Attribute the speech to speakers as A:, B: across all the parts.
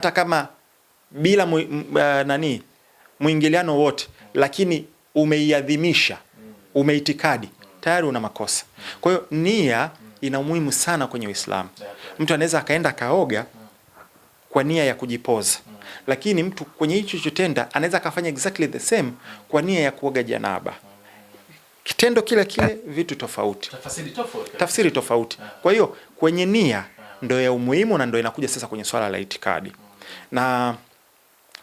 A: hata kama bila mu, uh, eh, nani mwingiliano wote, lakini umeiadhimisha, umeitikadi tayari una makosa. Kwa hiyo nia ina umuhimu sana kwenye Uislamu. Mtu anaweza akaenda kaoga kwa nia ya kujipoza, lakini mtu kwenye hicho chotenda anaweza akafanya exactly the same kwa nia ya kuoga janaba kitendo kile kile, vitu tofauti, tafsiri tofauti, Kwa hiyo kwenye nia ndo ya umuhimu na ndo inakuja sasa kwenye swala la itikadi na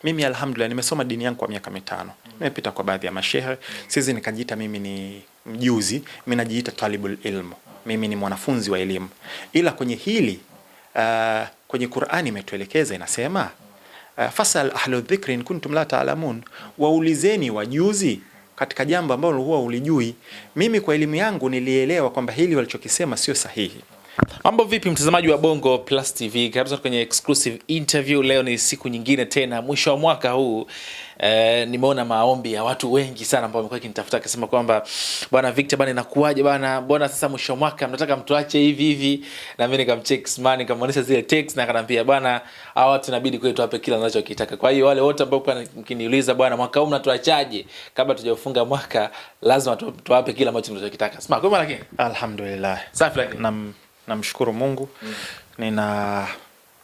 A: mimi alhamdulillah, nimesoma dini yangu kwa miaka mitano, nimepita kwa baadhi ya mashehe. Sizi nikajiita mimi ni mjuzi, mimi najiita talibul ilmu mimi ni mwanafunzi wa elimu, ila kwenye hili uh, kwenye Qur'ani imetuelekeza inasema, uh, fasal ahlu dhikri in kuntum la taalamun, waulizeni wajuzi katika jambo ambalo huwa ulijui. Mimi kwa elimu yangu nilielewa kwamba hili walichokisema sio sahihi. Mambo vipi mtazamaji wa Bongo Plus TV? Karibu kwenye exclusive interview. Leo ni siku nyingine tena mwisho wa mwaka huu. E, nimeona maombi ya watu wengi sana ambao wamekuwa kinitafuta akisema kwamba bwana Victor bwana inakuaje bwana? Mbona sasa mwisho wa mwaka mnataka mtuache hivi hivi? Na mimi nikamcheck Sman nikamwonyesha zile text na akanambia bwana hawa watu inabidi kwetu tuwape kila wanachokitaka. Kwa hiyo wale wote ambao mkiniuliza bwana mwaka huu mnatuachaje? Kabla tujafunga mwaka lazima tuwape kila ambacho tunachokitaka. Sema kwa maana lakini
B: alhamdulillah.
A: Safi lakini
B: namshukuru Mungu mm. nina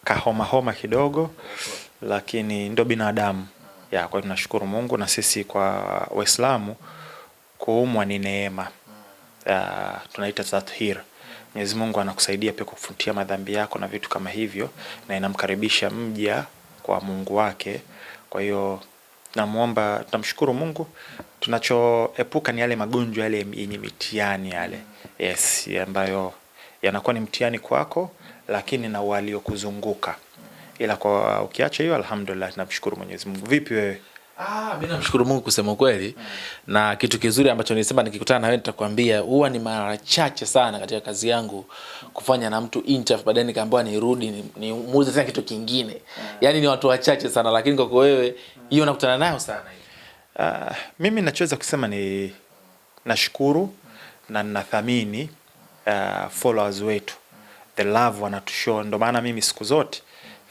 B: kahomahoma kidogo lakini ndo binadamu ya, kwa tunashukuru Mungu na sisi kwa Waislamu kuumwa ni neema ya, tunaita tathir. Mwenyezi Mungu anakusaidia pia kukufutia madhambi yako na vitu kama hivyo, na inamkaribisha mja kwa Mungu wake. Kwa hiyo namuomba, tunamshukuru Mungu. Tunachoepuka ni yale magonjwa yale yenye mitiani yale, yes, ambayo yanakuwa ni mtihani kwako, lakini na waliokuzunguka. Ila kwa ukiacha hiyo, alhamdulillah, tunamshukuru Mwenyezi Mungu. Vipi wewe?
A: Ah, mimi namshukuru Mungu kusema kweli. mm. Na kitu kizuri ambacho nilisema nikikutana na wewe nitakwambia, huwa ni mara chache sana katika kazi yangu kufanya na mtu interview, baadaye nikaambiwa nirudi ni, ni muuze tena kitu kingine mm. Yaani ni watu wachache sana, lakini kwa wewe hiyo mm. nakutana nayo sana.
B: Ah, mimi nachoweza kusema ni nashukuru mm. na ninathamini uh, followers wetu the love wanatushow. Ndo maana mimi siku zote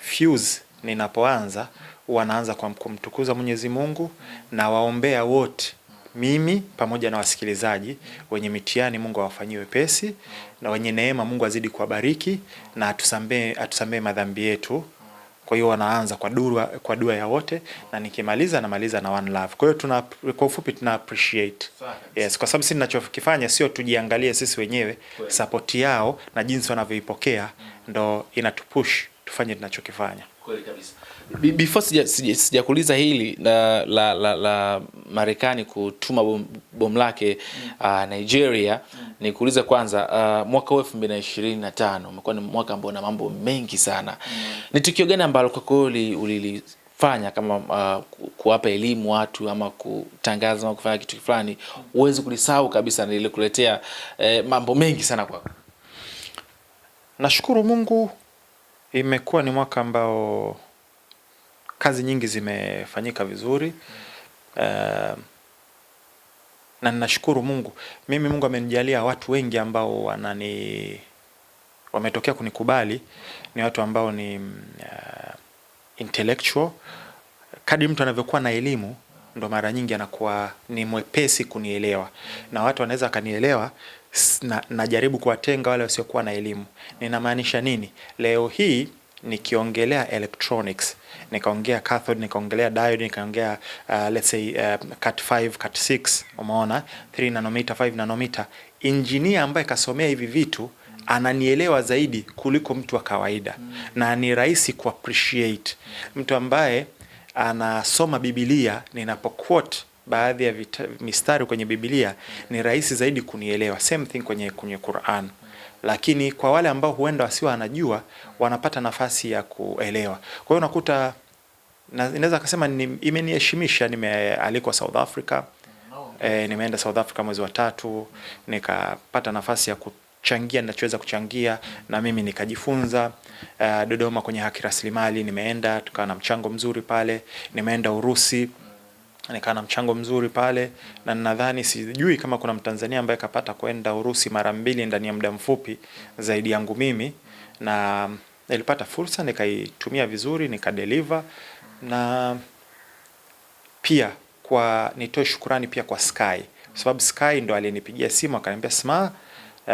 B: Fuse ninapoanza wanaanza kwa kumtukuza Mwenyezi Mungu na waombea wote, mimi pamoja na wasikilizaji wenye mitihani, Mungu awafanyie wepesi, na wenye neema, Mungu azidi kuwabariki na atusamee, atusamee madhambi yetu. Kwa hiyo wanaanza kwa dua, kwa dua ya wote na nikimaliza namaliza na one love. Kwa hiyo tuna, kwa ufupi tuna appreciate. Yes, kwa sababu sisi ninachokifanya sio tujiangalie sisi wenyewe, support yao na jinsi wanavyoipokea mm. ndo inatupush tufanye tunachokifanya. Kweli kabisa.
A: Before sija sijakuuliza hili la la, la, la Marekani kutuma bomu bom lake mm. uh, Nigeria mm. nikuuliza kwanza uh, mwaka 2025 umekuwa ni mwaka ambao na mambo mengi sana mm. ni tukio gani ambalo kwa kweli ulilifanya kama uh, kuwapa elimu watu ama kutangaza ama kufanya kitu fulani huwezi mm. kulisahau kabisa, nilikuletea eh, mambo mengi sana kwako?
B: Nashukuru Mungu Imekuwa ni mwaka ambao kazi nyingi zimefanyika vizuri uh, na ninashukuru Mungu. Mimi Mungu amenijalia watu wengi ambao wanani wametokea kunikubali, ni watu ambao ni uh, intellectual. kadi mtu anavyokuwa na elimu ndo mara nyingi anakuwa ni mwepesi kunielewa, na watu wanaweza wakanielewa na, najaribu kuwatenga wale wasiokuwa na elimu. Ninamaanisha nini? Leo hii nikiongelea electronics nikaongea cathode nikaongelea diode nikaongea uh, let's say uh, cat 5 cat 6 umeona 3 nanometer 5 nanometer, engineer ambaye kasomea hivi vitu ananielewa zaidi kuliko mtu wa kawaida mm. na ni rahisi ku appreciate mtu ambaye anasoma Biblia ninapo quote baadhi ya vita, mistari kwenye Biblia ni rahisi zaidi kunielewa, same thing kwenye, kwenye Quran. Lakini kwa wale ambao huenda wasiwa anajua wanapata nafasi ya kuelewa. Kwa hiyo unakuta naweza kusema ni, imeniheshimisha. Nimealikwa South Africa e, nimeenda South Africa mwezi wa tatu nikapata nafasi ya kuchangia ninachoweza kuchangia na mimi nikajifunza. Uh, Dodoma kwenye haki rasilimali nimeenda tukawa na mchango mzuri pale. Nimeenda Urusi nikawa na mchango mzuri pale, na nadhani sijui kama kuna Mtanzania ambaye kapata kwenda Urusi mara mbili ndani ya muda mfupi zaidi yangu mimi, na nilipata fursa nikaitumia vizuri, nikadeliver na pia kwa nitoe shukurani pia kwa Sky kwa sababu Sky ndo alinipigia simu akaniambia, Sma, uh,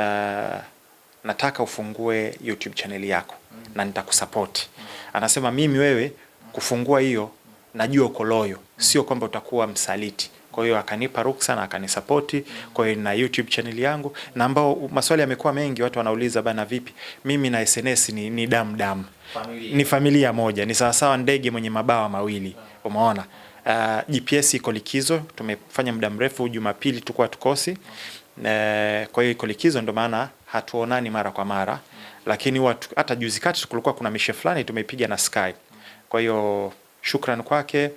B: nataka ufungue YouTube channel yako na nitakusupport. Anasema mimi wewe kufungua hiyo najua uko loyo, sio kwamba utakuwa msaliti. Kwa hiyo akanipa ruksa na akanisapoti. Kwa hiyo na YouTube channel yangu, na ambao maswali yamekuwa mengi, watu wanauliza bana, vipi mimi na SNS ni, ni damu damu, ni familia moja, ni sawasawa ndege mwenye mabawa mawili, umeona. Uh, GPS iko likizo, tumefanya muda mrefu, Jumapili tukuwa tukosi uh, kwa hiyo iko likizo, ndio maana hatuonani mara kwa mara, lakini watu, hata juzi kati kulikuwa kuna mishe fulani tumepiga na Sky, Kwa hiyo shukrani kwake,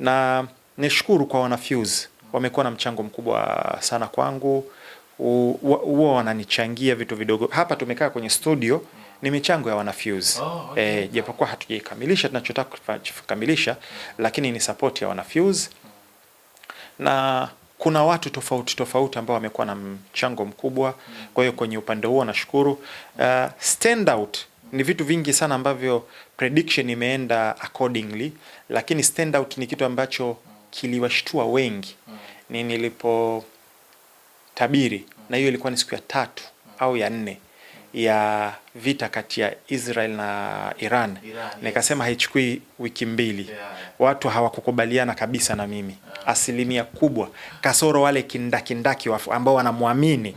B: na nishukuru kwa wanafuse, wamekuwa na mchango mkubwa sana kwangu, huwa wananichangia vitu vidogo. Hapa tumekaa kwenye studio ni michango ya wanafuse oh, okay. E, japokuwa hatujaikamilisha tunachotaka kukamilisha, lakini ni support ya wanafuse na kuna watu tofauti tofauti ambao wamekuwa na mchango mkubwa. Kwa hiyo kwenye upande huo nashukuru. Uh, stand out ni vitu vingi sana ambavyo prediction imeenda accordingly, lakini out ni kitu ambacho kiliwashtua wengi ni nilipotabiri, na hiyo ilikuwa ni siku ya tatu au ya nne ya vita kati ya Israel na Iran, Iran nikasema yes. Haichukui wiki mbili yeah. Watu hawakukubaliana kabisa na mimi yeah. Asilimia kubwa kasoro wale kindakindaki ambao wanamwamini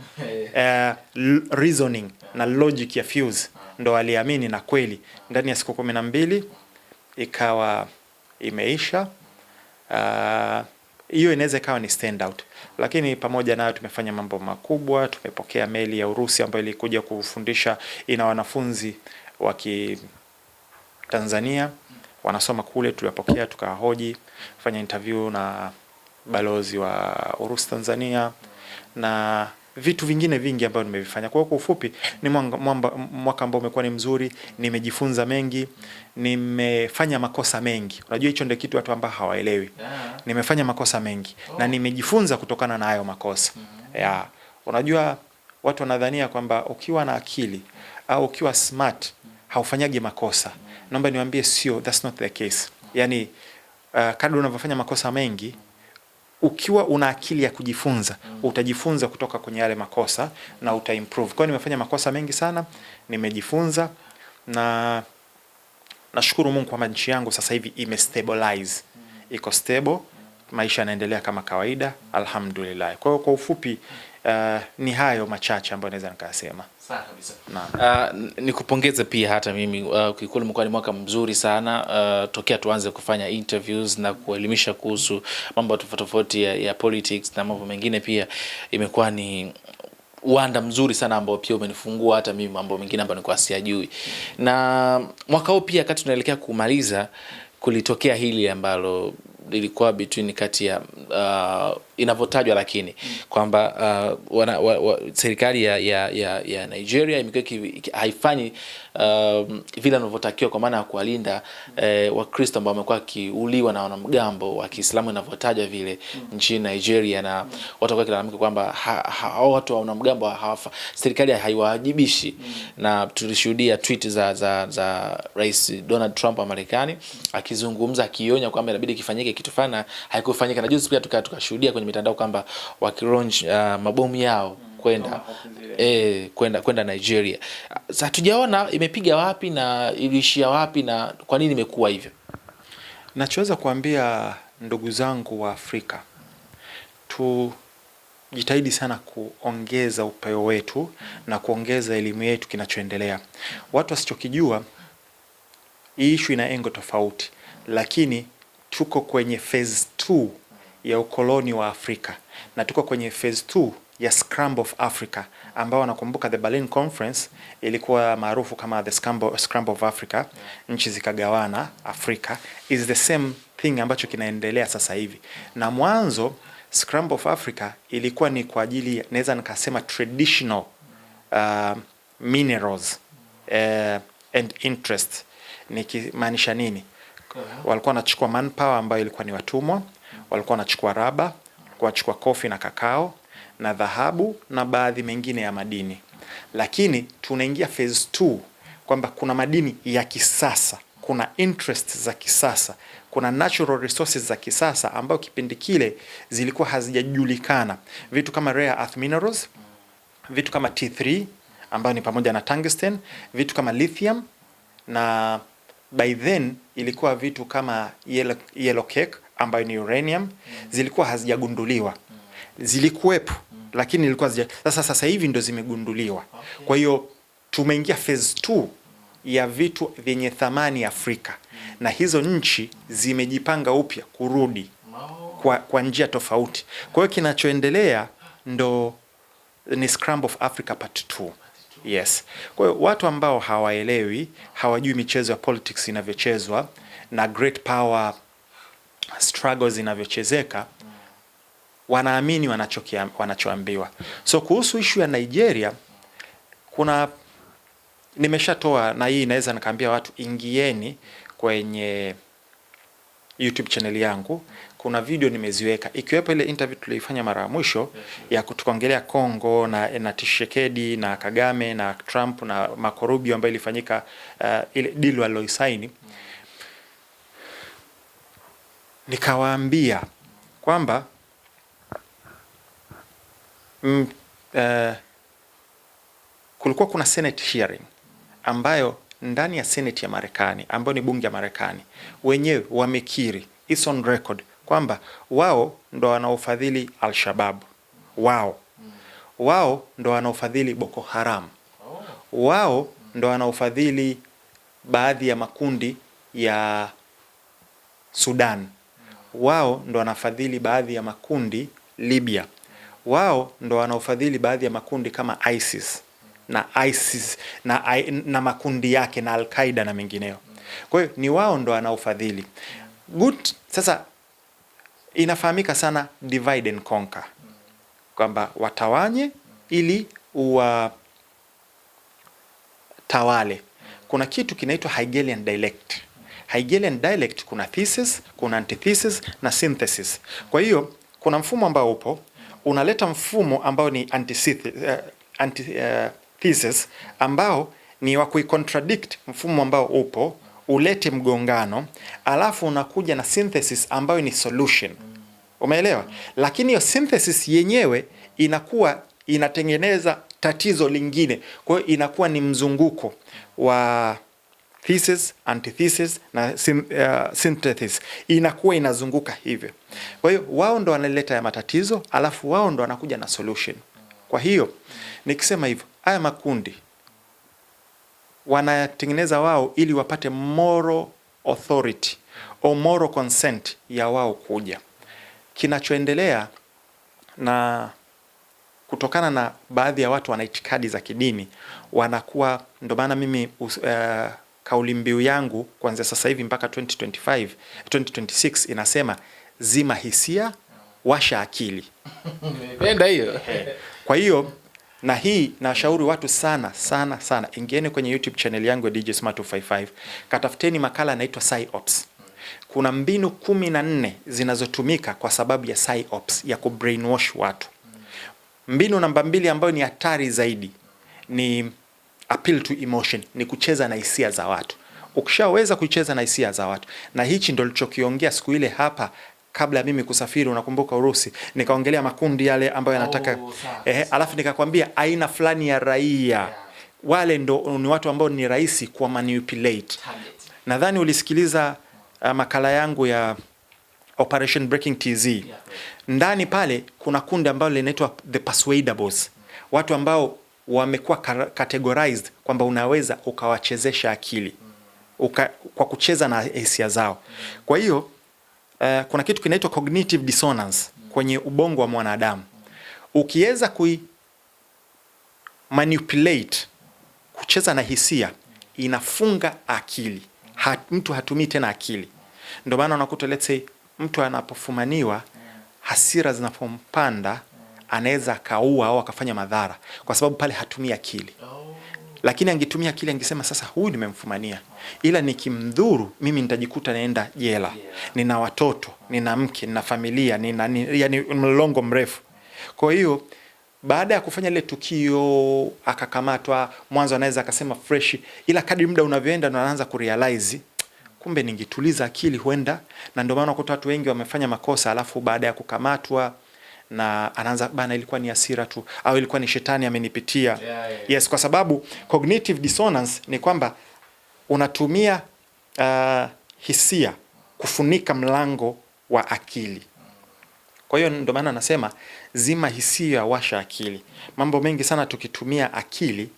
B: yeah. Uh, reasoning yeah. na logic ya Fuse ndo waliamini, na kweli ndani ya siku kumi na mbili ikawa imeisha. Ah, hiyo uh, inaweza ikawa ni standout, lakini pamoja nayo tumefanya mambo makubwa. Tumepokea meli ya Urusi ambayo ilikuja kufundisha, ina wanafunzi wa Kitanzania wanasoma kule, tuliwapokea tukawahoji, fanya interview na balozi wa Urusi Tanzania na vitu vingine vingi ambavyo nimevifanya. Kwa hiyo kwa ufupi, ni mwaka ambao umekuwa ni mzuri, nimejifunza mengi, nimefanya makosa mengi. Unajua hicho ndio kitu watu ambao hawaelewi. Nimefanya makosa mengi oh, na nimejifunza kutokana na hayo makosa mm -hmm. yeah. Unajua watu wanadhania kwamba ukiwa na akili au ukiwa smart haufanyagi makosa. Mm-hmm. Naomba niwaambie sio, that's not the case. Yaani uh, kadri unavyofanya makosa mengi ukiwa una akili ya kujifunza utajifunza kutoka kwenye yale makosa na utaimprove. Kwa hiyo nimefanya makosa mengi sana, nimejifunza na nashukuru Mungu kwamba nchi yangu sasa hivi imestabilize, iko stable, maisha yanaendelea kama kawaida, alhamdulillah. Kwa hiyo kwa ufupi Uh, ni hayo machache ambayo naweza nikasema. Sawa
A: kabisa. Naam. Uh, nikupongeze pia hata mimi uh, eh, Kweli umekuwa ni mwaka mzuri sana uh, tokea tuanze kufanya interviews na kuelimisha kuhusu mambo tofauti ya, ya politics na mambo mengine pia imekuwa ni uwanda mzuri sana ambao pia umenifungua hata mimi mambo mengine ambayo nilikuwa siyajui. Na mwaka huu pia kati tunaelekea kumaliza kulitokea hili ambalo lilikuwa between kati ya uh, inavyotajwa lakini mm. kwamba uh, wana, wa, wa, serikali ya, ya, ya, ya Nigeria imekuwa haifanyi um, vile anavyotakiwa kwa maana ya kuwalinda mm. eh, Wakristo ambao wamekuwa wakiuliwa na wanamgambo wa Kiislamu inavyotajwa vile mm. nchini Nigeria na mm. watu kwa kilalamika kwamba hao ha, watu wa wanamgambo hawafa, serikali haiwawajibishi mm. na tulishuhudia tweet za, za, za Rais Donald Trump wa Marekani akizungumza akionya kwamba inabidi kifanyike kitu fulani haikufanyika, na juzi pia tukashuhudia kwenye mitandao kwamba wakilonch uh, mabomu yao mm. kwenda eh, kwenda kwenda Nigeria. Sasa hatujaona imepiga wapi na iliishia wapi na kwa nini imekuwa hivyo.
B: Nachoweza kuambia ndugu zangu wa Afrika, tujitahidi sana kuongeza upeo wetu na kuongeza elimu yetu kinachoendelea. Mm. Watu wasichokijua, hii ishu ina engo tofauti, lakini tuko kwenye phase ya ukoloni wa Afrika na tuko kwenye phase 2 ya Scramble of Africa ambao wanakumbuka the Berlin Conference ilikuwa maarufu kama the Scramble, Scramble of Africa, nchi zikagawana Afrika, is the same thing ambacho kinaendelea sasa hivi. Na mwanzo Scramble of Africa ilikuwa ni kwa ajili naweza nikasema traditional uh, minerals uh, and interest. Nikimaanisha nini? Walikuwa wanachukua manpower ambayo ilikuwa ni watumwa walikuwa wanachukua raba, walikuwa wanachukua kofi na kakao na dhahabu na baadhi mengine ya madini, lakini tunaingia phase 2 kwamba kuna madini ya kisasa, kuna interest za kisasa, kuna natural resources za kisasa ambayo kipindi kile zilikuwa hazijajulikana, vitu kama rare earth minerals, vitu kama T3 ambayo ni pamoja na tungsten, vitu kama lithium na by then ilikuwa vitu kama yellow, yellow cake ambayo ni uranium zilikuwa hazijagunduliwa, zilikuwepo lakini ilikuwa zija... Sasa sasa hivi ndo zimegunduliwa. Kwa hiyo tumeingia phase 2 ya vitu vyenye thamani Afrika, hmm. na hizo nchi zimejipanga upya kurudi kwa, kwa njia tofauti. Kwa hiyo kinachoendelea ndo ni Scramble of Africa part 2. Yes. Kwa hiyo watu ambao hawaelewi, hawajui michezo ya politics inavyochezwa na great power struggles zinavyochezeka wanaamini wanachoambiwa. So kuhusu ishu ya Nigeria, kuna nimeshatoa na hii inaweza nikaambia watu ingieni kwenye YouTube channel yangu, kuna video nimeziweka ikiwepo ile interview tulioifanya mara ya mwisho ya kutukongelea Kongo na, na Tshisekedi na Kagame na Trump na Marco Rubio ambayo ilifanyika uh, ile deal waloisaini nikawaambia kwamba mm, uh, kulikuwa kuna Senate hearing ambayo ndani ya Senate ya Marekani ambayo ni bunge ya Marekani wenyewe wamekiri, it's on record kwamba wao ndo wanaofadhili Al-Shabaab, wao wao ndo wanaofadhili Boko Haram, wao ndo wanaofadhili baadhi ya makundi ya Sudan wao ndo wanafadhili baadhi ya makundi Libya, wao ndo wanaofadhili baadhi ya makundi kama ISIS na ISIS na, na makundi yake na al qaeda na mengineyo. Kwa hiyo ni wao ndo wanaofadhili Good. Sasa inafahamika sana divide and conquer, kwamba watawanye ili uwatawale. Kuna kitu kinaitwa Hegelian dialectic Hegelian dialect kuna thesis, kuna antithesis na synthesis. Kwa hiyo kuna mfumo ambao upo unaleta mfumo ambao ni antithesis eh, eh, ambao ni wa kuicontradict mfumo ambao upo ulete mgongano, alafu unakuja na synthesis ambayo ni solution. Umeelewa? Lakini hiyo synthesis yenyewe inakuwa inatengeneza tatizo lingine, kwa hiyo inakuwa ni mzunguko wa thesis, antithesis na uh, synthesis, inakuwa inazunguka hivyo. Kwa hiyo wao ndo wanaleta ya matatizo, alafu wao ndo wanakuja na solution. Kwa hiyo nikisema hivyo, haya makundi wanayatengeneza wao ili wapate moral authority au moral consent ya wao kuja. Kinachoendelea na kutokana na baadhi ya watu wana itikadi za kidini wanakuwa, ndo maana mimi uh, kauli mbiu yangu kuanzia sasa hivi mpaka 2025, 2026 inasema zima hisia, washa akili.
A: Nimependa hiyo.
B: Kwa hiyo na hii nashauri watu sana sana sana, ingieni kwenye YouTube channel yangu ya DJ Smart 55 katafuteni makala yanaitwa PsyOps. Kuna mbinu kumi na nne zinazotumika kwa sababu ya PsyOps, ya brainwash watu. Mbinu namba mbili ambayo ni hatari zaidi ni appeal to emotion, ni kucheza na hisia za watu. Ukishaweza kucheza na hisia za watu, na hichi ndo lichokiongea siku ile hapa kabla ya mimi kusafiri, unakumbuka Urusi, nikaongelea makundi yale ambayo yanataka oh, eh, alafu nikakwambia aina fulani ya raia yeah. wale ndo ni watu ambao ni rahisi kwa manipulate. Nadhani ulisikiliza uh, makala yangu ya Operation Breaking TZ. yeah. Ndani pale kuna kundi ambalo linaitwa the persuadables, watu ambao wamekuwa categorized kwamba unaweza ukawachezesha akili uka, kwa kucheza na hisia zao. Kwa hiyo uh, kuna kitu kinaitwa cognitive dissonance kwenye ubongo wa mwanadamu. Ukiweza kui manipulate kucheza na hisia, inafunga akili Hat, mtu hatumii tena akili. Ndio maana unakuta let's say mtu anapofumaniwa hasira zinapompanda anaweza akaua au akafanya madhara, kwa sababu pale hatumii akili Lakini angetumia akili angesema sasa, huyu nimemfumania, ila nikimdhuru mimi nitajikuta naenda jela, nina watoto, nina mke, nina familia, nina yani mlongo mrefu. Kwa hiyo baada ya kufanya lile tukio akakamatwa, mwanzo anaweza akasema fresh, ila kadri muda unavyoenda ndo anaanza kurealize kumbe ningituliza akili huenda. Na ndio maana kuta watu wengi wamefanya makosa, alafu baada ya kukamatwa na anaanza bana, ilikuwa ni hasira tu au ilikuwa ni shetani amenipitia. yeah, yeah, yeah. Yes, kwa sababu cognitive dissonance ni kwamba unatumia uh, hisia kufunika mlango wa akili. Kwa hiyo ndio maana anasema zima hisia, washa akili. Mambo mengi sana tukitumia akili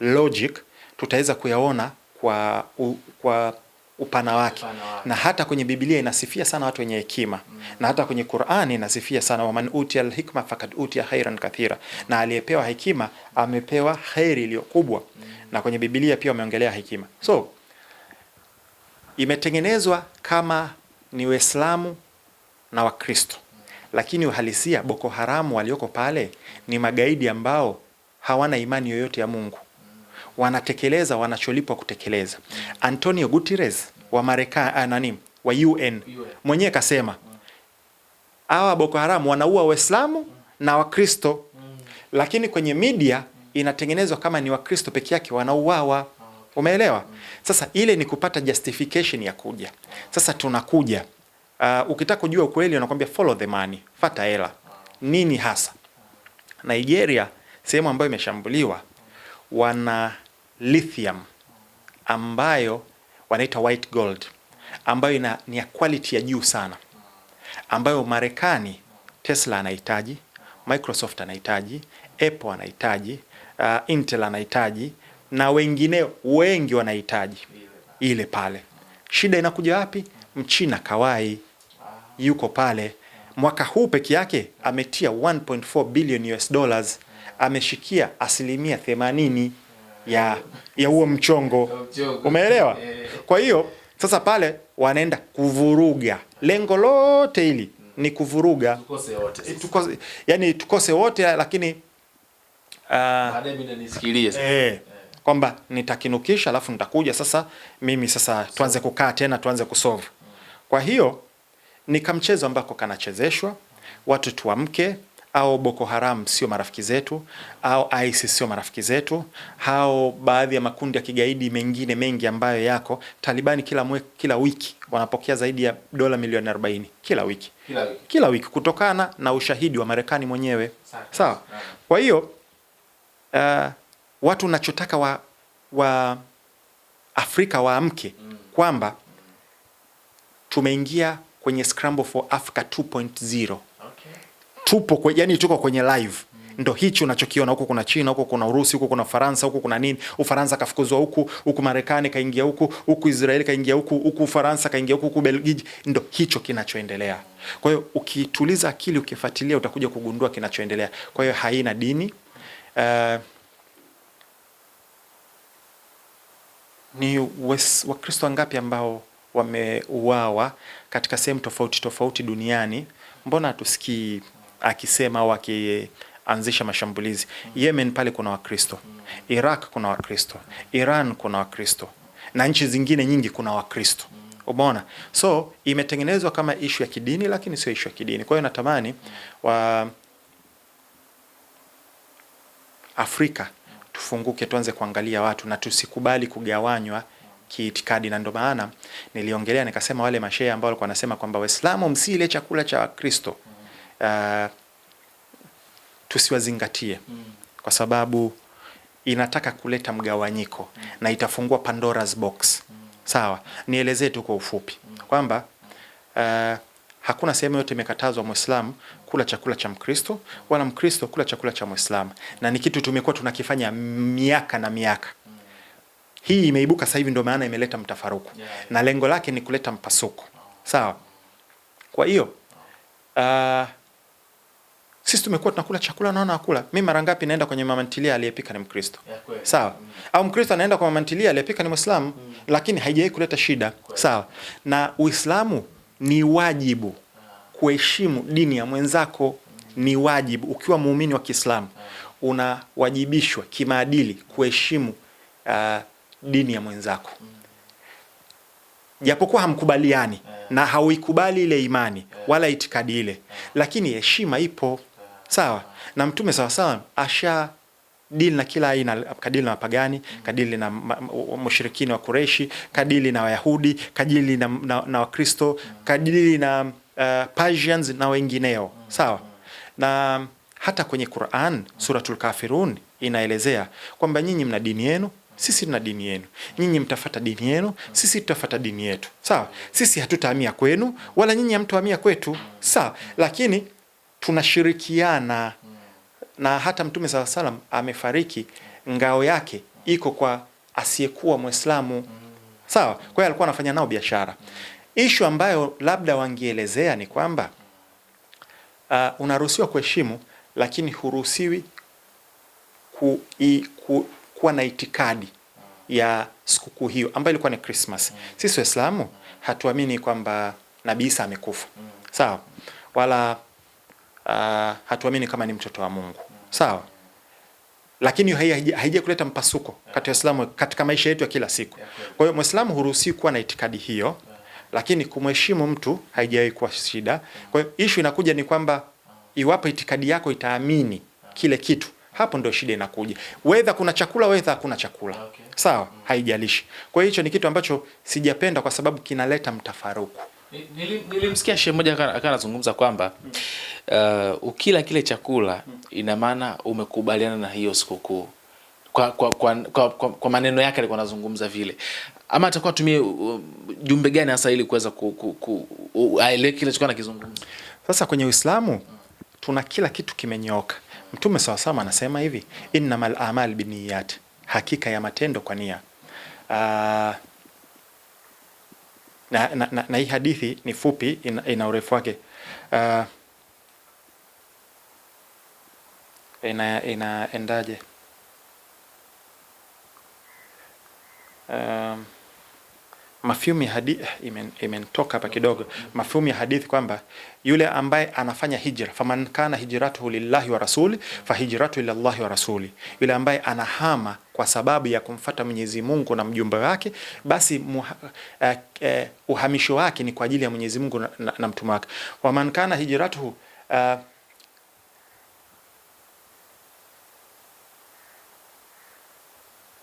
B: logic tutaweza kuyaona kwa, u, kwa upana wake, na hata kwenye Biblia inasifia sana watu wenye hekima mm. na hata kwenye Qur'ani inasifia sana waman utia alhikma fakad utia khairan kathira mm. na aliyepewa hekima amepewa khairi iliyo kubwa mm. na kwenye Biblia pia wameongelea hekima, so imetengenezwa kama ni Waislamu na Wakristo, mm. lakini uhalisia Boko Haramu walioko pale ni magaidi ambao hawana imani yoyote ya Mungu wanatekeleza wanacholipwa kutekeleza. Antonio Guterres wa Marekani ah, nani wa UN mwenyewe kasema hawa Boko Haram wanaua Waislamu na Wakristo, mm. lakini kwenye media inatengenezwa kama ni Wakristo peke yake wanauawa. Ah, Umeelewa? Mm. Sasa ile ni kupata justification ya kuja. Sasa tunakuja uh, ukitaka kujua ukweli unakwambia follow the money, fata hela. Nini hasa Nigeria, sehemu ambayo imeshambuliwa wana lithium ambayo wanaita white gold ambayo ina, ni ya quality ya juu sana ambayo Marekani Tesla anahitaji, Microsoft anahitaji, Apple anahitaji, uh, Intel anahitaji na wengine wengi wanahitaji ile pale. Shida inakuja wapi? Mchina Kawai yuko pale, mwaka huu peke yake ametia 1.4 billion US dollars, ameshikia asilimia 80 ya ya huo mchongo, umeelewa? Eh. Kwa hiyo sasa pale wanaenda kuvuruga, lengo lote hili hmm. ni kuvuruga,
A: tukose wote,
B: tukose, yani tukose wote, lakini uh, eh, kwamba nitakinukisha alafu nitakuja sasa mimi sasa tuanze kukaa tena tuanze kusolve. Hmm. Kwa hiyo ni kamchezo ambako kanachezeshwa watu tuamke au Boko Haram sio marafiki zetu, au ISIS sio marafiki zetu, hao baadhi ya makundi ya kigaidi mengine mengi ambayo yako Talibani. Kila mwe, kila wiki wanapokea zaidi ya dola milioni 40 kila wiki, kila wiki, kila wiki kutokana na ushahidi wa Marekani mwenyewe. Sawa. Kwa hiyo uh, watu nachotaka wa, wa Afrika waamke mm. kwamba tumeingia kwenye Scramble for Africa 2.0 tupo kwe, yani tuko kwenye live ndo hichi unachokiona huko. Kuna China huko, kuna Urusi huko, kuna Ufaransa huko, kuna nini. Ufaransa kafukuzwa huku huku, Marekani kaingia huku huku, Israeli kaingia huku huku, Ufaransa kaingia huku huku, Belgiji. Ndo hicho kinachoendelea. Kwa hiyo ukituliza akili, ukifuatilia, utakuja kugundua kinachoendelea. Kwa hiyo haina dini uh, ni Wakristo wangapi ambao wameuawa katika sehemu tofauti tofauti duniani? Mbona hatusikii akisema au akianzisha mashambulizi. Yemen pale kuna Wakristo, Iraq kuna Wakristo, Iran kuna Wakristo na nchi zingine nyingi kuna Wakristo. Umeona, so imetengenezwa kama ishu ya kidini, lakini sio ishu ya kidini. Kwa hiyo natamani wa Afrika tufunguke, tuanze kuangalia watu na tusikubali kugawanywa kiitikadi, na ndio maana niliongelea nikasema wale mashehe ambao walikuwa wanasema kwamba Waislamu msile chakula cha Wakristo uh, tusiwazingatie mm. kwa sababu inataka kuleta mgawanyiko mm. na itafungua Pandora's box mm. Sawa, nielezee tu kwa ufupi mm. kwamba uh, hakuna sehemu yote imekatazwa Mwislamu kula chakula cha Mkristo wala Mkristo kula chakula cha Mwislamu, na ni kitu tumekuwa tunakifanya miaka na miaka mm. Hii imeibuka sasa hivi, ndio maana imeleta mtafaruku yeah, yeah. na lengo lake ni kuleta mpasuko. Oh. Sawa, kwa hiyo uh, sisi tumekuwa tunakula chakula naona akula. Mimi mara ngapi naenda kwenye mama ntilia aliyepika ni Mkristo. Sawa. Mm. Au Mkristo anaenda kwa mama ntilia aliyepika ni Muislamu, mm. lakini haijawahi kuleta shida. Sawa. Na Uislamu ni wajibu ah. kuheshimu dini ya mwenzako, mm. ni wajibu. Ukiwa muumini wa Kiislamu ah. unawajibishwa kimaadili kuheshimu uh, dini ya mwenzako mm. japokuwa hamkubaliani eh. na hauikubali ile imani eh. wala itikadi ile, eh. lakini heshima ipo sawa na mtume sawasawa, asha dili na kila aina, kadili na wapagani, kadili na mushirikini wa Kureshi, kadili na Wayahudi, kadili na, na, na Wakristo, kadili na uh, Persians na wengineo sawa. Na hata kwenye Quran Suratul Kafirun inaelezea kwamba nyinyi mna dini yenu sisi tuna dini yenu, nyinyi mtafata dini yenu, sisi tutafata dini yetu. Sawa, sisi hatutahamia kwenu, wala nyinyi hamtohamia kwetu. Sawa, lakini tunashirikiana na hata Mtume sala salam amefariki, ngao yake iko kwa asiyekuwa Mwislamu sawa. Kwa hiyo alikuwa anafanya nao biashara. Ishu ambayo labda wangeelezea ni kwamba uh, unaruhusiwa kuheshimu, lakini huruhusiwi ku, ku, kuwa na itikadi ya sikukuu hiyo ambayo ilikuwa ni Christmas. Sisi Waislamu hatuamini kwamba Nabii Isa amekufa, sawa, wala uh, hatuamini kama ni mtoto wa Mungu, sawa lakini hiyo haija kuleta mpasuko kati ya Waislamu katika maisha yetu ya kila siku. Kwa hiyo Muislamu huruhusiwi kuwa na itikadi hiyo, lakini kumheshimu mtu haijawahi kuwa shida. Kwa hiyo ishu inakuja ni kwamba iwapo itikadi yako itaamini kile kitu, hapo ndio shida inakuja, wedha kuna chakula, wedha hakuna chakula, sawa, mm. haijalishi. Kwa hiyo hicho ni kitu ambacho sijapenda, kwa sababu kinaleta mtafaruku.
A: Nilimsikia shehe mmoja akawa anazungumza kwamba uh, ukila kile chakula ina maana umekubaliana na hiyo sikukuu. Kwa, kwa, kwa, kwa, kwa, kwa maneno yake alikuwa anazungumza vile, ama atakuwa atumie uh, jumbe gani hasa ili kuweza aelewe kile alichokuwa anakizungumza.
B: Sasa kwenye Uislamu tuna kila kitu kimenyoka. Mtume sawasama anasema hivi, innamal amal biniyat hakika ya matendo kwa nia. Uh, na, na, na, na hii hadithi ni fupi, ina, ina urefu wake uh, ina inaendaje? um, mafhumu ya hadithi eh, imentoka hapa kidogo, mafhumu ya hadithi kwamba yule ambaye anafanya hijra, faman kana hijratuhu lillahi wa rasuli fa hijratu ila llahi wa rasuli, yule ambaye anahama kwa sababu ya kumfata Mwenyezi Mungu na mjumbe wake, basi muha, uh, uh, uhamisho wake ni kwa ajili ya Mwenyezi Mungu na, na, na mtume wake. Waman kana hijratuhu uh,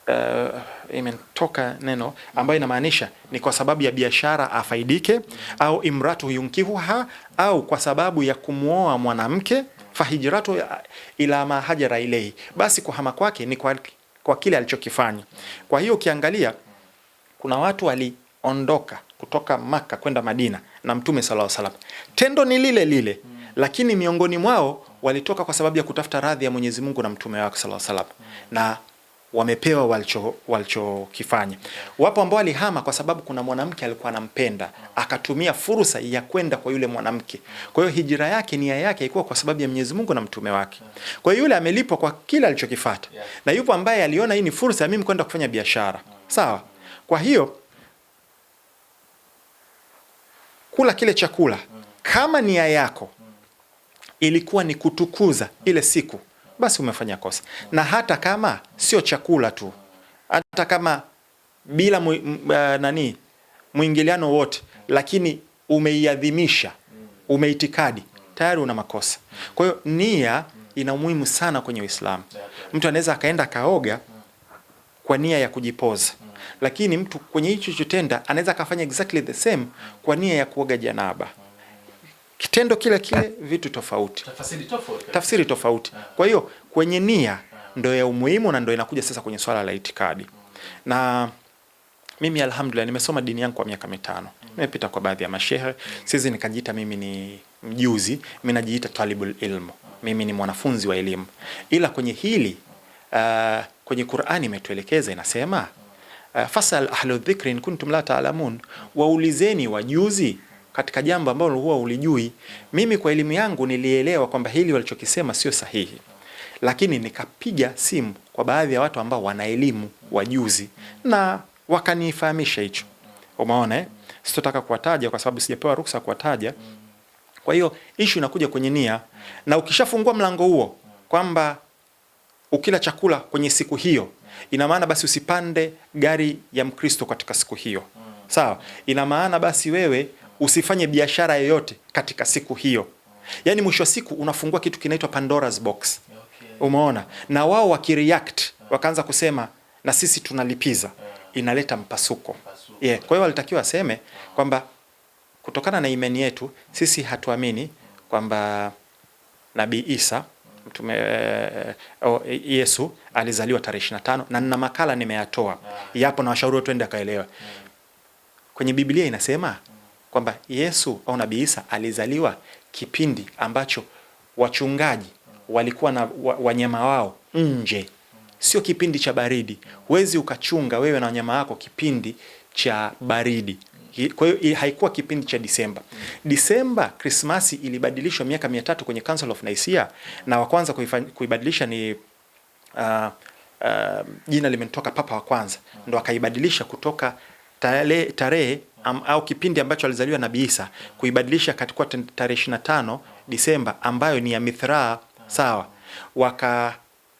B: uh, imetoka neno ambayo inamaanisha ni kwa sababu ya biashara afaidike, au imratu yunkihuha, au kwa sababu ya kumwoa mwanamke. Fahijratu ila ma hajara ilei, basi kuhama kwake ni kwa, kwa kile alichokifanya. Kwa hiyo ukiangalia kuna watu waliondoka kutoka Maka kwenda Madina na Mtume sallallahu alaihi wasallam, tendo ni lile lile, lakini miongoni mwao walitoka kwa sababu ya kutafuta radhi ya Mwenyezi Mungu na mtume wake sallallahu alaihi wasallam na wamepewa walichokifanya. Wapo ambao walihama kwa sababu kuna mwanamke alikuwa anampenda, akatumia fursa ya kwenda kwa yule mwanamke. Kwa hiyo hijira yake, nia yake ilikuwa kwa sababu ya Mwenyezi Mungu na mtume wake. Kwa hiyo yule amelipwa kwa kila alichokifuata, na yupo ambaye aliona hii ni fursa ya mimi kwenda kufanya biashara, sawa. Kwa hiyo kula kile chakula, kama nia yako ilikuwa ni kutukuza ile siku basi umefanya kosa, na hata kama sio chakula tu, hata kama bila mu, uh, nani mwingiliano wote, lakini umeiadhimisha, umeitikadi, tayari una makosa. Kwa hiyo nia ina umuhimu sana kwenye Uislamu. Mtu anaweza akaenda kaoga kwa nia ya kujipoza, lakini mtu kwenye hicho chotenda anaweza akafanya exactly the same kwa nia ya kuoga janaba kitendo kile kile, vitu tofauti,
A: tafsiri tofauti,
B: tafsiri tofauti. Ah. Kwa hiyo kwenye nia ah. ndo ya umuhimu na ndo inakuja sasa kwenye swala la itikadi. Mm. Na mimi alhamdulillah, nimesoma dini yangu kwa miaka mitano, mm. nimepita kwa baadhi ya mashehe, mm. sisi nikajiita mimi ni mjuzi, mimi najiita talibul ilmu, ah. mimi ni mwanafunzi wa elimu, ila kwenye hili uh, kwenye Qur'ani imetuelekeza inasema, uh, fasal ahlu dhikri in kuntum la taalamun, waulizeni wajuzi katika jambo ambalo huwa ulijui. Mimi kwa elimu yangu nilielewa kwamba hili walichokisema sio sahihi, lakini nikapiga simu kwa baadhi ya watu ambao wana elimu, wajuzi, na wakanifahamisha hicho. Umeona eh? Sitotaka kuwataja kwa sababu sijapewa ruksa kuwataja. Kwa hiyo ishu inakuja kwenye nia, na ukishafungua mlango huo kwamba ukila chakula kwenye siku hiyo, ina maana basi usipande gari ya Mkristo katika siku hiyo, sawa? Ina maana basi wewe usifanye biashara yoyote katika siku hiyo. Yaani mwisho wa siku unafungua kitu kinaitwa Pandora's box. Umeona? Na wao wakireact wakaanza kusema na sisi tunalipiza, inaleta mpasuko. Yeah. Kwa hiyo walitakiwa aseme kwamba kutokana na imani yetu sisi hatuamini kwamba Nabii Isa mtume eh, oh, Yesu alizaliwa tarehe 25 na nina makala nimeyatoa yapo, na washauri wetu ende akaelewa. Kwenye Biblia inasema kwamba Yesu au Nabii Isa alizaliwa kipindi ambacho wachungaji walikuwa na wanyama wao nje, sio kipindi cha baridi. Huwezi ukachunga wewe na wanyama wako kipindi cha baridi. Kwa hiyo haikuwa kipindi cha Disemba. Disemba Krismasi ilibadilishwa miaka mia tatu kwenye Council of Nicaea na wa kwanza kuibadilisha ni uh, uh, jina limetoka Papa wa kwanza ndo akaibadilisha kutoka tarehe am, au kipindi ambacho alizaliwa Nabii Isa kuibadilisha katika tarehe 25 Disemba ambayo ni ya Mithraa, sawa. Waka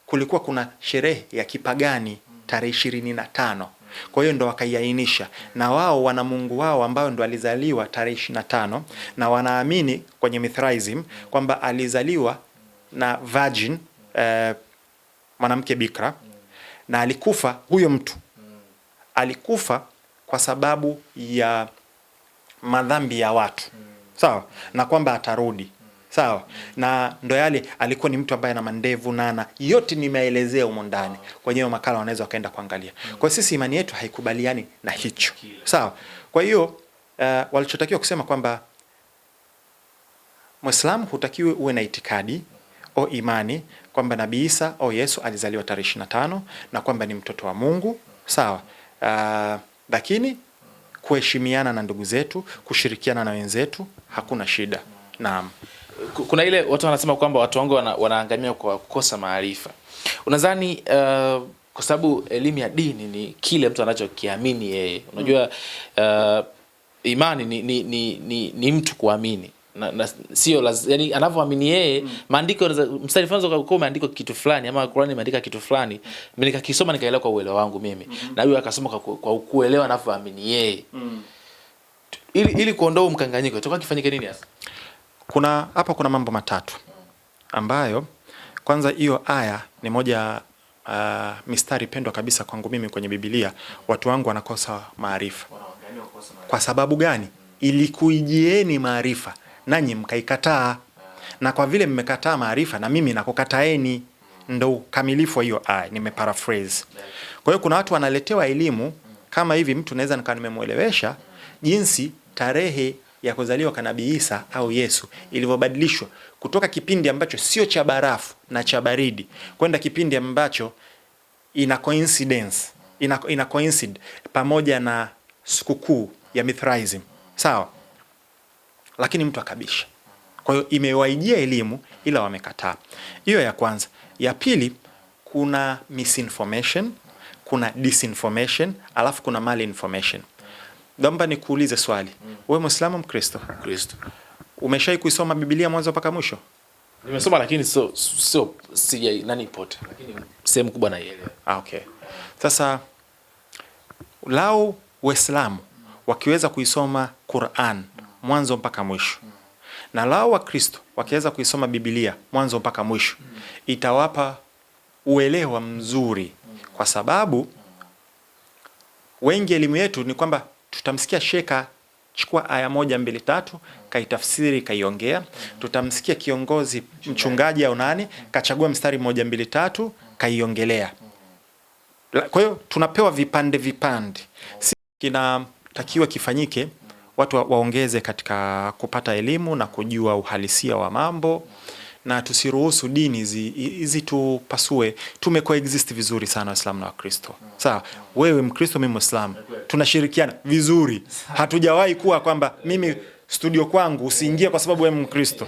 B: kulikuwa kuna sherehe ya kipagani tarehe tano kwa hiyo ndo wakaiainisha, na wao wana mungu wao ambao ndo alizaliwa tarehe tano na wanaamini kwenye Mithraism kwamba alizaliwa na virgin eh, mwanamke bikra, na alikufa. Huyo mtu alikufa kwa sababu ya madhambi ya watu mm. sawa na kwamba atarudi mm. sawa na ndo yale alikuwa ni mtu ambaye ana mandevu nana, yote nimeelezea humo ndani kwenye hiyo makala, wanaweza wakaenda kuangalia mm. kwa sisi imani yetu haikubaliani na hicho sawa. Kwa hiyo uh, walichotakiwa kusema kwamba Mwislamu hutakiwe uwe na itikadi o imani kwamba Nabii Isa au Yesu alizaliwa tarehe 25 na kwamba ni mtoto wa Mungu sawa. Uh, lakini kuheshimiana na ndugu zetu, kushirikiana na wenzetu, hakuna shida. Naam,
A: kuna ile watu wanasema kwamba watu wangu wana, wanaangamia kwa kukosa maarifa. Unadhani uh, kwa sababu elimu ya dini ni kile mtu anachokiamini yeye, unajua uh, imani ni, ni, ni, ni, ni mtu kuamini na, na sio yani anavyoamini yeye mm. Maandiko mstari fulani kwa kuwa umeandikwa kitu fulani ama Qur'ani imeandika kitu fulani mm. Mimi nikakisoma nikaelewa kwa uelewa wangu mimi mm -hmm. Na huyo akasoma kwa, kwa kuelewa anavyoamini yeye mm. Ili, ili kuondoa mkanganyiko tutakuwa kifanyike nini hasa?
B: Kuna hapa kuna mambo matatu ambayo kwanza, hiyo aya ni moja uh, mistari pendwa kabisa kwangu mimi kwenye Biblia. Watu wangu wanakosa maarifa. Kwa sababu gani? Ilikuijieni maarifa mm nanyi mkaikataa, na kwa vile mmekataa maarifa, na mimi nakukataeni. Ndo ukamilifu wa hiyo aya, nimeparaphrase. Kwa hiyo kuna watu wanaletewa elimu kama hivi, mtu naweza nikawa nimemwelewesha jinsi tarehe ya kuzaliwa kwa Nabii Isa au Yesu ilivyobadilishwa kutoka kipindi ambacho sio cha barafu na cha baridi kwenda kipindi ambacho ina coincidence ina, ina coincide pamoja na sikukuu ya Mithraism. Sawa? lakini mtu akabisha. Kwa hiyo imewaijia elimu ila wamekataa. Hiyo ya kwanza. Ya pili, kuna misinformation, kuna disinformation, alafu kuna malinformation. Naomba nikuulize swali, mm. wewe Muislamu Mkristo? Mkristo. Umeshai kuisoma Biblia mwanzo mpaka mwisho?
A: Nimesoma lakini sio sio sija nani pote, lakini sehemu kubwa naielewa.
B: Ah, okay. Sasa lao Waislamu wakiweza kuisoma Qur'an mwanzo mpaka mwisho na lao Wakristo wakiweza kuisoma bibilia mwanzo mpaka mwisho itawapa uelewa mzuri kwa sababu wengi elimu yetu ni kwamba tutamsikia sheka chukua aya moja mbili tatu kaitafsiri kaiongea. Tutamsikia kiongozi mchungaji au nani kachagua mstari moja mbili tatu kaiongelea. Kwa hiyo tunapewa vipande vipande, si kinatakiwa kifanyike watu waongeze katika kupata elimu na kujua uhalisia wa mambo na tusiruhusu dini hizi tupasue. Tume coexist vizuri sana Waislamu na Wakristo, sawa. Wewe Mkristo, mimi Muislamu, tunashirikiana vizuri. Hatujawahi kuwa kwamba mimi studio kwangu usiingie kwa sababu wewe Mkristo,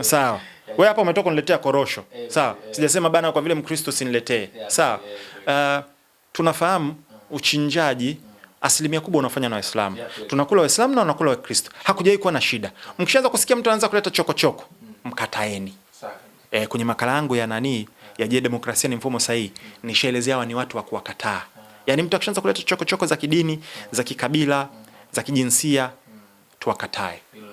B: sawa. Wewe hapa umetoka uniletea korosho, sawa. Sijasema bana, kwa vile Mkristo usiniletee, sawa. Uh, tunafahamu uchinjaji asilimia kubwa unafanya na Waislamu, tunakula Waislamu na wanakula Wakristo, hakujawahi kuwa na shida. Mkishaanza kusikia mtu anaanza kuleta chokochoko, mkataeni. E, kwenye makala yangu ya nani ya je, demokrasia ni mfumo sahihi, nishaelezea hawa ni watu wa kuwakataa. Yani mtu akishaanza kuleta chokochoko za kidini, za kikabila, za kijinsia, tuwakatae.